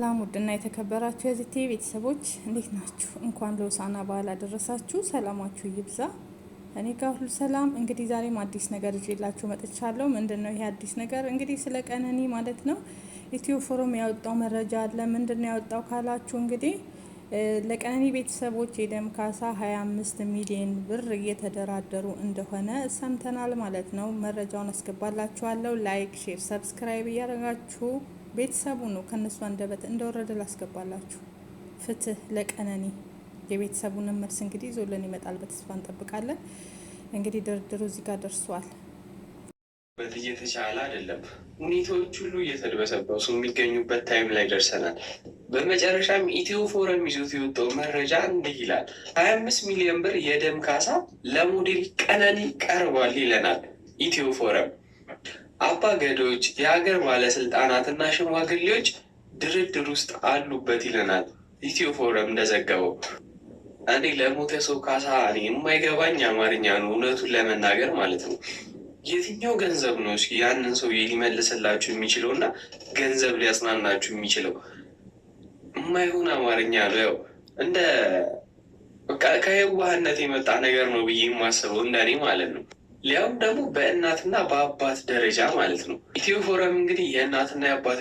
ሰላም ውድና የተከበራችሁ የዚቴ ቤተሰቦች እንዴት ናችሁ? እንኳን ለሆሳዕና በዓል አደረሳችሁ። ሰላማችሁ ይብዛ። እኔ ጋር ሁሉ ሰላም። እንግዲህ ዛሬም አዲስ ነገር ይዤላችሁ መጥቻለሁ። ምንድን ነው ይሄ አዲስ ነገር? እንግዲህ ስለ ቀነኒ ማለት ነው ኢትዮ ፎረም ያወጣው መረጃ አለ። ምንድን ነው ያወጣው ካላችሁ እንግዲህ ለቀነኒ ቤተሰቦች የደም ካሳ 25 ሚሊዮን ብር እየተደራደሩ እንደሆነ ሰምተናል ማለት ነው። መረጃውን አስገባላችኋለሁ። ላይክ፣ ሼር፣ ሰብስክራይብ እያደረጋችሁ ቤተሰቡ ነው ከእነሱ አንደበት እንደወረደ ላስገባላችሁ። ፍትህ ለቀነኒ የቤተሰቡን መልስ እንግዲህ ይዞልን ይመጣል በተስፋ እንጠብቃለን። እንግዲህ ድርድሩ እዚህ ጋር ደርሷል። በት እየተቻለ አይደለም። ሁኔታዎች ሁሉ እየተድበሰበሱ የሚገኙበት ታይም ላይ ደርሰናል። በመጨረሻም ኢትዮ ፎረም ይዞት የወጣው መረጃ እንዲህ ይላል። ሀያ አምስት ሚሊዮን ብር የደም ካሳ ለሞዴል ቀነኒ ቀርቧል ይለናል ኢትዮ ፎረም አባ ገዳዎች፣ የሀገር ባለስልጣናትና ሽማግሌዎች ድርድር ውስጥ አሉበት ይለናል ኢትዮ ፎረም እንደዘገበው። እኔ ለሞተ ሰው ካሳ የማይገባኝ አማርኛ ነው እውነቱን ለመናገር ማለት ነው። የትኛው ገንዘብ ነው እስኪ ያንን ሰው ሊመልስላችሁ የሚችለው እና ገንዘብ ሊያጽናናችሁ የሚችለው? የማይሆን አማርኛ ነው። ያው እንደ ከየዋህነት የመጣ ነገር ነው ብዬ የማስበው እንደኔ ማለት ነው። ሊያውም ደግሞ በእናትና በአባት ደረጃ ማለት ነው። ኢትዮ ፎረም እንግዲህ የእናትና የአባት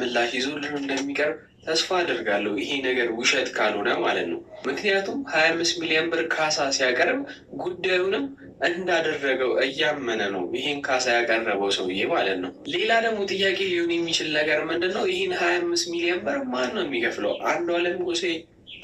ምላሽ ይዞልን እንደሚቀርብ ተስፋ አድርጋለሁ። ይሄ ነገር ውሸት ካልሆነ ማለት ነው። ምክንያቱም ሀያ አምስት ሚሊዮን ብር ካሳ ሲያቀርብ ጉዳዩንም እንዳደረገው እያመነ ነው ይህን ካሳ ያቀረበው ሰውዬ ማለት ነው። ሌላ ደግሞ ጥያቄ ሊሆን የሚችል ነገር ምንድን ነው? ይህን ሀያ አምስት ሚሊዮን ብር ማን ነው የሚከፍለው? አንዷለም ጎሴ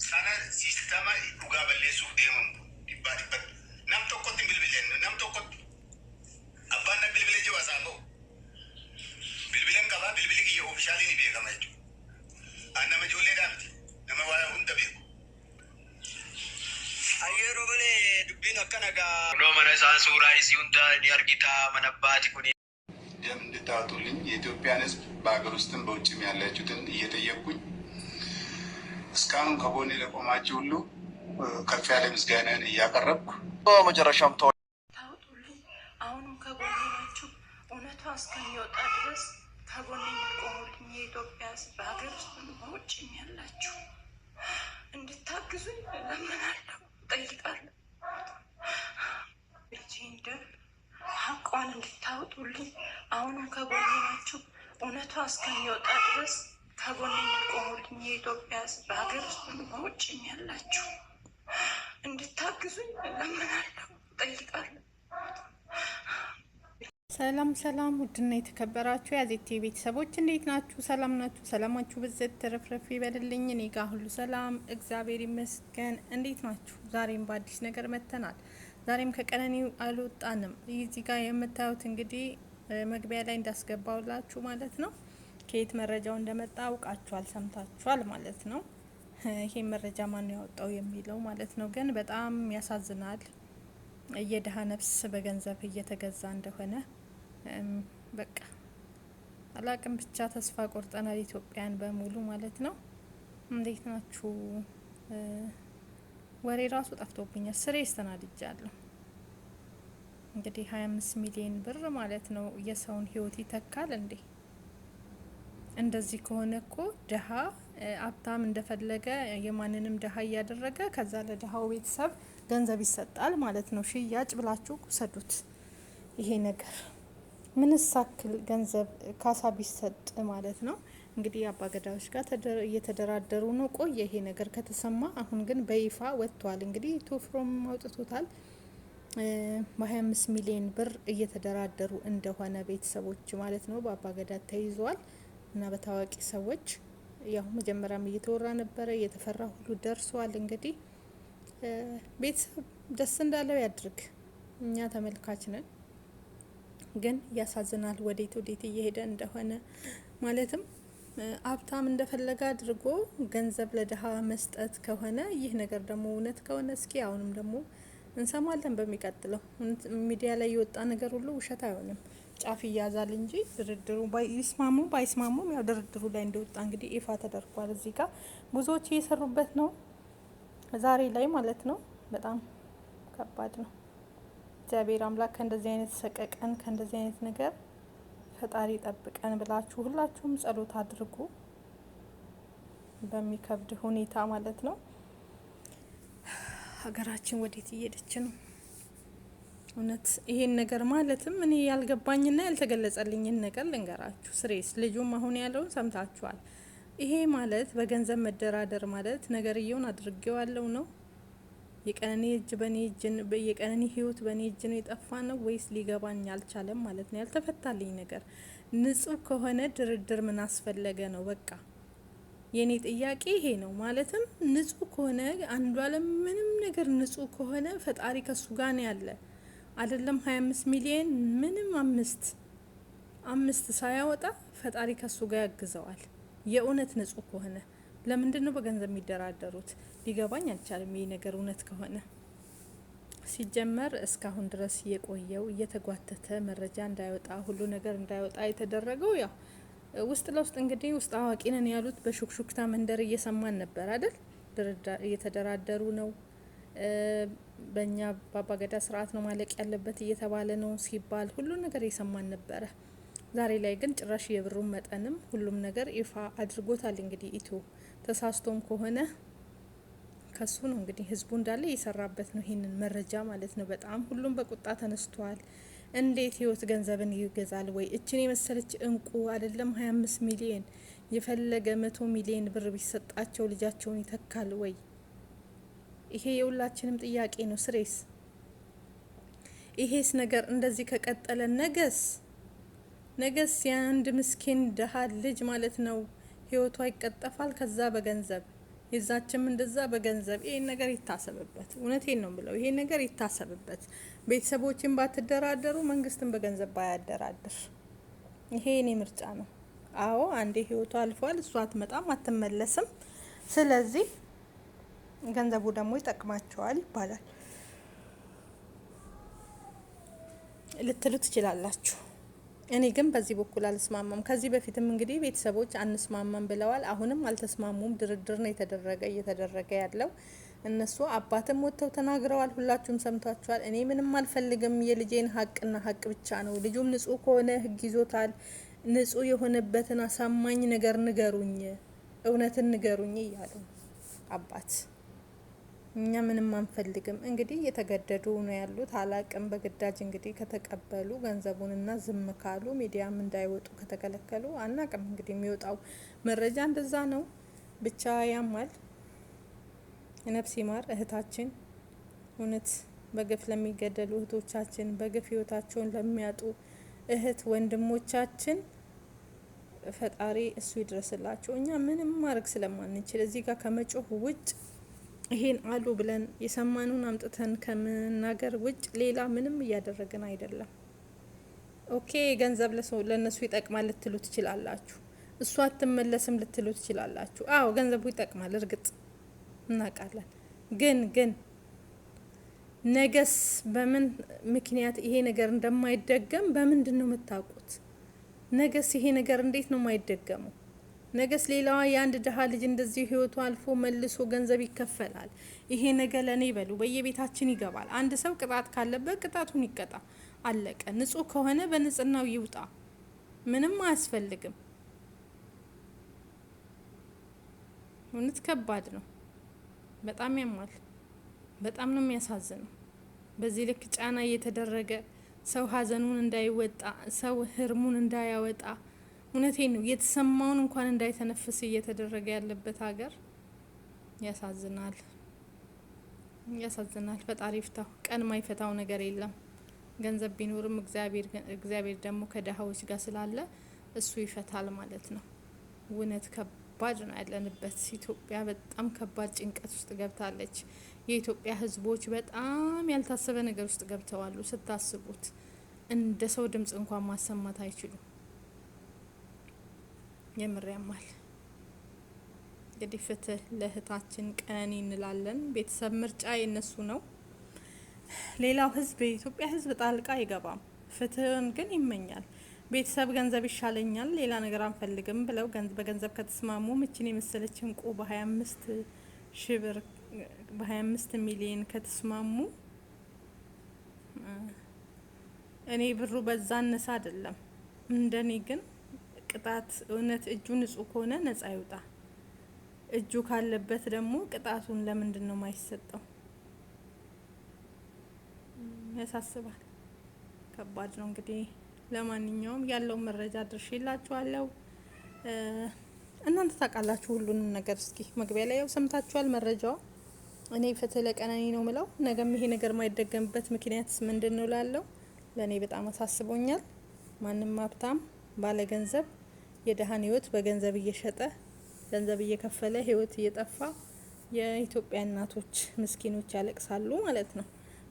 sana siistama dhugaa balleessuuf deemamu dhibbaa dhibbatti. Nam tokkotti bilbileen nam tokkotti abbaan na bilbilee jiru haasaan ba'u. Bilbileen qabaa bilbili kiyya oofishaalii ni beekama jechuudha. An nama ijoolleedhaa miti nama waa hunda beeku. Ayyeroo malee dubbiin akkana gaa. Kunoo mana isaa suuraa isii hunda ni argita mana abbaati kuni. እንደምታወጡልኝ የኢትዮጵያን ሕዝብ በሀገር ውስጥም በውጭም ያላችሁትን እየጠየቅኩኝ እስካሁን ከጎኔ ለቆማችሁ ሁሉ ከፍ ያለ ምስጋናን እያቀረብኩ በመጨረሻም ተ ታውጡልኝ አሁንም ከጎኔ ናችሁ። እውነቷ እስከሚወጣ ድረስ ከጎኔ የምትቆሙልኝ የኢትዮጵያ ሕዝብ በሀገር ውስጥ በውጭም ያላችሁ እንድታግዙኝ እለምናለሁ፣ እጠይቃለሁ። ልጄ ደም ሀቋን እንድታወጡልኝ አሁንም ከጎኔ ናችሁ። እውነቷ እስከሚወጣ ድረስ ከጎን የሚቆሙልኝ የኢትዮጵያ ሕዝብ በሀገር ውስጥ በውጭ ያላችሁ እንድታግዙኝ እለምናለሁ፣ እጠይቃለሁ። ሰላም ሰላም! ውድና የተከበራችሁ የአዜቴ ቤተሰቦች እንዴት ናችሁ? ሰላም ናችሁ? ሰላማችሁ ብዘት ተረፍረፍ ይበልልኝ። እኔ ሁሉ ሰላም እግዚአብሔር ይመስገን። እንዴት ናችሁ? ዛሬም በአዲስ ነገር መጥተናል። ዛሬም ከቀነኒው አልወጣንም። እዚህ ጋር የምታዩት እንግዲህ መግቢያ ላይ እንዳስገባውላችሁ ማለት ነው ከየት መረጃው እንደመጣ አውቃችኋል፣ ሰምታችኋል ማለት ነው። ይሄ መረጃ ማን ያወጣው የሚለው ማለት ነው። ግን በጣም ያሳዝናል። የደሃ ነፍስ በገንዘብ እየተገዛ እንደሆነ በቃ አላቅም። ብቻ ተስፋ ቆርጠናል ኢትዮጵያን በሙሉ ማለት ነው። እንዴት ናችሁ? ወሬ ራሱ ጠፍቶብኛል። ስሬ ይስተናድጃለሁ። እንግዲህ ሀያ አምስት ሚሊዮን ብር ማለት ነው የሰውን ህይወት ይተካል እንዴ? እንደዚህ ከሆነ እኮ ድሀ ሀብታም እንደፈለገ የማንንም ድሀ እያደረገ ከዛ ለድሀው ቤተሰብ ገንዘብ ይሰጣል ማለት ነው። ሽያጭ ብላችሁ ውሰዱት። ይሄ ነገር ምን ሳክል ገንዘብ ካሳ ቢሰጥ ማለት ነው። እንግዲህ አባ ገዳዎች ጋር እየተደራደሩ ነው። ቆየ ይሄ ነገር ከተሰማ፣ አሁን ግን በይፋ ወጥቷል። እንግዲህ ቶፍሮም አውጥቶታል። በ25 ሚሊዮን ብር እየተደራደሩ እንደሆነ ቤተሰቦች ማለት ነው በአባ ገዳ ተይዟል። እና በታዋቂ ሰዎች ያው መጀመሪያም እየተወራ ነበረ፣ እየተፈራ ሁሉ ደርሷል። እንግዲህ ቤተሰብ ደስ እንዳለው ያድርግ። እኛ ተመልካች ነን፣ ግን ያሳዝናል። ወዴት ወዴት እየሄደ እንደሆነ ማለትም ሀብታም እንደፈለገ አድርጎ ገንዘብ ለድሃ መስጠት ከሆነ ይህ ነገር ደግሞ እውነት ከሆነ እስኪ አሁንም ደግሞ እንሰማለን። በሚቀጥለው ሚዲያ ላይ የወጣ ነገር ሁሉ ውሸት አይሆንም። ጫፍ ይያዛል እንጂ ድርድሩ ይስማሙ ባይስማሙም ያው ድርድሩ ላይ እንደወጣ እንግዲህ ይፋ ተደርጓል። እዚህ ጋር ብዙዎች እየሰሩበት ነው ዛሬ ላይ ማለት ነው። በጣም ከባድ ነው። እግዚአብሔር አምላክ ከእንደዚህ አይነት ሰቀቀን ከእንደዚህ አይነት ነገር ፈጣሪ ጠብቀን ብላችሁ ሁላችሁም ጸሎት አድርጉ። በሚከብድ ሁኔታ ማለት ነው። ሀገራችን ወዴት እየሄደች ነው? እውነት ይሄን ነገር ማለትም እኔ ያልገባኝና ያልተገለጸልኝን ነገር ልንገራችሁ። ስሬስ ልጁም አሁን ያለውን ሰምታችኋል። ይሄ ማለት በገንዘብ መደራደር ማለት ነገርየውን አድርጌዋለሁ ነው የቀነኔ እጅ በኔ እጅ የቀነኔ ህይወት በኔ እጅ ነው የጠፋ ነው ወይስ ሊገባኝ አልቻለም ማለት ነው። ያልተፈታልኝ ነገር ንጹህ ከሆነ ድርድር ምን አስፈለገ ነው በቃ የኔ ጥያቄ ይሄ ነው። ማለትም ንጹህ ከሆነ አንዷለም ምንም ነገር ንጹህ ከሆነ ፈጣሪ ከሱ ጋር ነው ያለ አይደለም 25 ሚሊዮን ምንም አምስት አምስት ሳያወጣ ፈጣሪ ከሱ ጋር ያግዘዋል። የእውነት ንጹህ ከሆነ ለምንድን ነው በገንዘብ የሚደራደሩት? ሊገባኝ አልቻለም። ይህ ነገር እውነት ከሆነ ሲጀመር እስካሁን ድረስ የቆየው እየተጓተተ መረጃ እንዳይወጣ ሁሉ ነገር እንዳይወጣ የተደረገው ያው ውስጥ ለውስጥ እንግዲህ ውስጥ አዋቂ ነን ያሉት በሹክሹክታ መንደር እየሰማን ነበር አይደል? እየተደራደሩ ነው በእኛ በአባገዳ ስርዓት ነው ማለቅ ያለበት እየተባለ ነው ሲባል ሁሉም ነገር የሰማን ነበረ። ዛሬ ላይ ግን ጭራሽ የብሩን መጠንም ሁሉም ነገር ይፋ አድርጎታል። እንግዲህ ኢትዮ ተሳስቶም ከሆነ ከሱ ነው እንግዲህ ህዝቡ እንዳለ እየሰራበት ነው ይህንን መረጃ ማለት ነው። በጣም ሁሉም በቁጣ ተነስቷል። እንዴት ህይወት ገንዘብን ይገዛል ወይ? እችን የመሰለች እንቁ አይደለም ሀያ አምስት ሚሊየን የፈለገ መቶ ሚሊየን ብር ቢሰጣቸው ልጃቸውን ይተካል ወይ? ይሄ የሁላችንም ጥያቄ ነው። ስሬስ ይሄስ ነገር እንደዚህ ከቀጠለ ነገስ ነገስ የአንድ ምስኪን ደሃ ልጅ ማለት ነው ህይወቷ ይቀጠፋል። ከዛ በገንዘብ የዛችም እንደዛ በገንዘብ ይሄን ነገር ይታሰብበት። እውነቴን ነው ብለው ይሄን ነገር ይታሰብበት። ቤተሰቦችን ባትደራደሩ፣ መንግስትን በገንዘብ ባያደራድር። ይሄ የኔ ምርጫ ነው። አዎ አንዴ ህይወቷ አልፏል። እሷ አትመጣም፣ አትመለስም። ስለዚህ ገንዘቡ ደግሞ ይጠቅማቸዋል ይባላል ልትሉ ትችላላችሁ። እኔ ግን በዚህ በኩል አልስማማም። ከዚህ በፊትም እንግዲህ ቤተሰቦች አንስማማም ብለዋል። አሁንም አልተስማሙም። ድርድር ነው የተደረገ እየተደረገ ያለው እነሱ አባትም ወጥተው ተናግረዋል። ሁላችሁም ሰምታችኋል። እኔ ምንም አልፈልግም፣ የልጄን ሀቅና ሀቅ ብቻ ነው። ልጁም ንጹህ ከሆነ ህግ ይዞታል። ንጹህ የሆነበትን አሳማኝ ነገር ንገሩኝ፣ እውነትን ንገሩኝ እያሉ አባት እኛ ምንም አንፈልግም። እንግዲህ የተገደዱ ነው ያሉት አላቅም። በግዳጅ እንግዲህ ከተቀበሉ ገንዘቡንና ዝም ካሉ ሚዲያም እንዳይወጡ ከተከለከሉ አናቅም። እንግዲህ የሚወጣው መረጃ እንደዛ ነው። ብቻ ያማል። ነፍስ ይማር እህታችን። እውነት በግፍ ለሚገደሉ እህቶቻችን፣ በግፍ ህይወታቸውን ለሚያጡ እህት ወንድሞቻችን ፈጣሪ እሱ ይድረስላቸው። እኛ ምንም ማድረግ ስለማንችል እዚህ ጋር ከመጮህ ውጭ ይሄን አሉ ብለን የሰማኑን አምጥተን ከመናገር ውጭ ሌላ ምንም እያደረግን አይደለም። ኦኬ ገንዘብ ለሰው ለእነሱ ይጠቅማል ልትሉ ትችላላችሁ። እሷ አትመለስም ልትሉ ትችላላችሁ። አዎ ገንዘቡ ይጠቅማል፣ እርግጥ እናውቃለን። ግን ግን ነገስ በምን ምክንያት ይሄ ነገር እንደማይደገም በምንድን ነው የምታውቁት? ነገስ ይሄ ነገር እንዴት ነው የማይደገመው? ነገስ ሌላዋ የአንድ ድሀ ልጅ እንደዚህ ህይወቱ አልፎ መልሶ ገንዘብ ይከፈላል። ይሄ ነገ ለእኔ በሉ በየቤታችን ይገባል። አንድ ሰው ቅጣት ካለበት ቅጣቱን ይቀጣ፣ አለቀ። ንጹህ ከሆነ በንጽህናው ይውጣ። ምንም አያስፈልግም። እውነት ከባድ ነው። በጣም ያሟል። በጣም ነው የሚያሳዝነው። በዚህ ልክ ጫና እየተደረገ ሰው ሀዘኑን እንዳይወጣ፣ ሰው ህርሙን እንዳያወጣ እውነቴን ነው። የተሰማውን እንኳን እንዳይተነፍስ እየተደረገ ያለበት ሀገር ያሳዝናል፣ ያሳዝናል። ፈጣሪ ፍታው። ቀን ማይፈታው ነገር የለም። ገንዘብ ቢኖርም እግዚአብሔር ደግሞ ከደሃዎች ጋር ስላለ እሱ ይፈታል ማለት ነው። እውነት ከባድ ነው ያለንበት። ኢትዮጵያ በጣም ከባድ ጭንቀት ውስጥ ገብታለች። የኢትዮጵያ ሕዝቦች በጣም ያልታሰበ ነገር ውስጥ ገብተዋሉ። ስታስቡት እንደ ሰው ድምጽ እንኳን ማሰማት አይችሉም። የምር ያማል። እንግዲህ ፍትህ ለእህታችን ቀነኒ እንላለን። ቤተሰብ ምርጫ የነሱ ነው። ሌላው ህዝብ የኢትዮጵያ ህዝብ ጣልቃ አይገባም፣ ፍትህን ግን ይመኛል። ቤተሰብ ገንዘብ ይሻለኛል፣ ሌላ ነገር አንፈልግም ብለው በገንዘብ ከተስማሙ ምችን የመሰለች እንቁ በ25 ብር በ25 ሚሊዮን ከተስማሙ እኔ ብሩ በዛ አነሳ አይደለም እንደኔ ግን ቅጣት እውነት እጁ ንጹህ ከሆነ ነጻ ይውጣ። እጁ ካለበት ደግሞ ቅጣቱን ለምንድን ነው ማይሰጠው? ያሳስባል። ከባድ ነው እንግዲህ። ለማንኛውም ያለው መረጃ አድርሼላችኋለሁ። እናንተ ታውቃላችሁ ሁሉንም ነገር። እስኪ መግቢያ ላይ ያው ሰምታችኋል መረጃው። እኔ ፍትህ ለቀነኒ ነው ምለው። ነገም ይሄ ነገር ማይደገምበት ምክንያትስ ምንድን ነው ላለው ለእኔ በጣም አሳስቦኛል። ማንም ሀብታም ባለ ገንዘብ የድሀን ህይወት በገንዘብ እየሸጠ ገንዘብ እየከፈለ ህይወት እየጠፋ የኢትዮጵያ እናቶች ምስኪኖች ያለቅሳሉ ማለት ነው።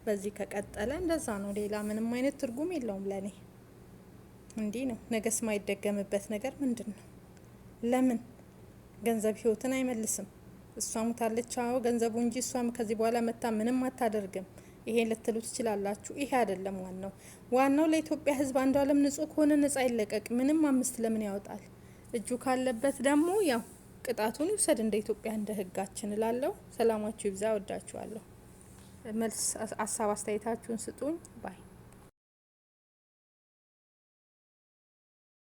በዚህ ከቀጠለ እንደዛ ነው። ሌላ ምንም አይነት ትርጉም የለውም ለኔ። እንዲህ ነው። ነገስ ማይደገምበት ነገር ምንድን ነው? ለምን ገንዘብ ህይወትን አይመልስም? እሷ ሙታለች። አዎ ገንዘቡ እንጂ እሷም ከዚህ በኋላ መታ ምንም አታደርግም። ይሄ ልትሉ ትችላላችሁ። ይሄ አይደለም ዋናው። ዋናው ለኢትዮጵያ ሕዝብ ዓለም ንጹህ ከሆነ ነጻ ይለቀቅ። ምንም አምስት ለምን ያወጣል? እጁ ካለበት ደግሞ ያው ቅጣቱን ይውሰድ እንደ ኢትዮጵያ እንደ ሕጋችን እላለሁ። ሰላማችሁ ይብዛ። ወዳችኋለሁ። መልስ፣ ሀሳብ አስተያየታችሁን ስጡኝ ባይ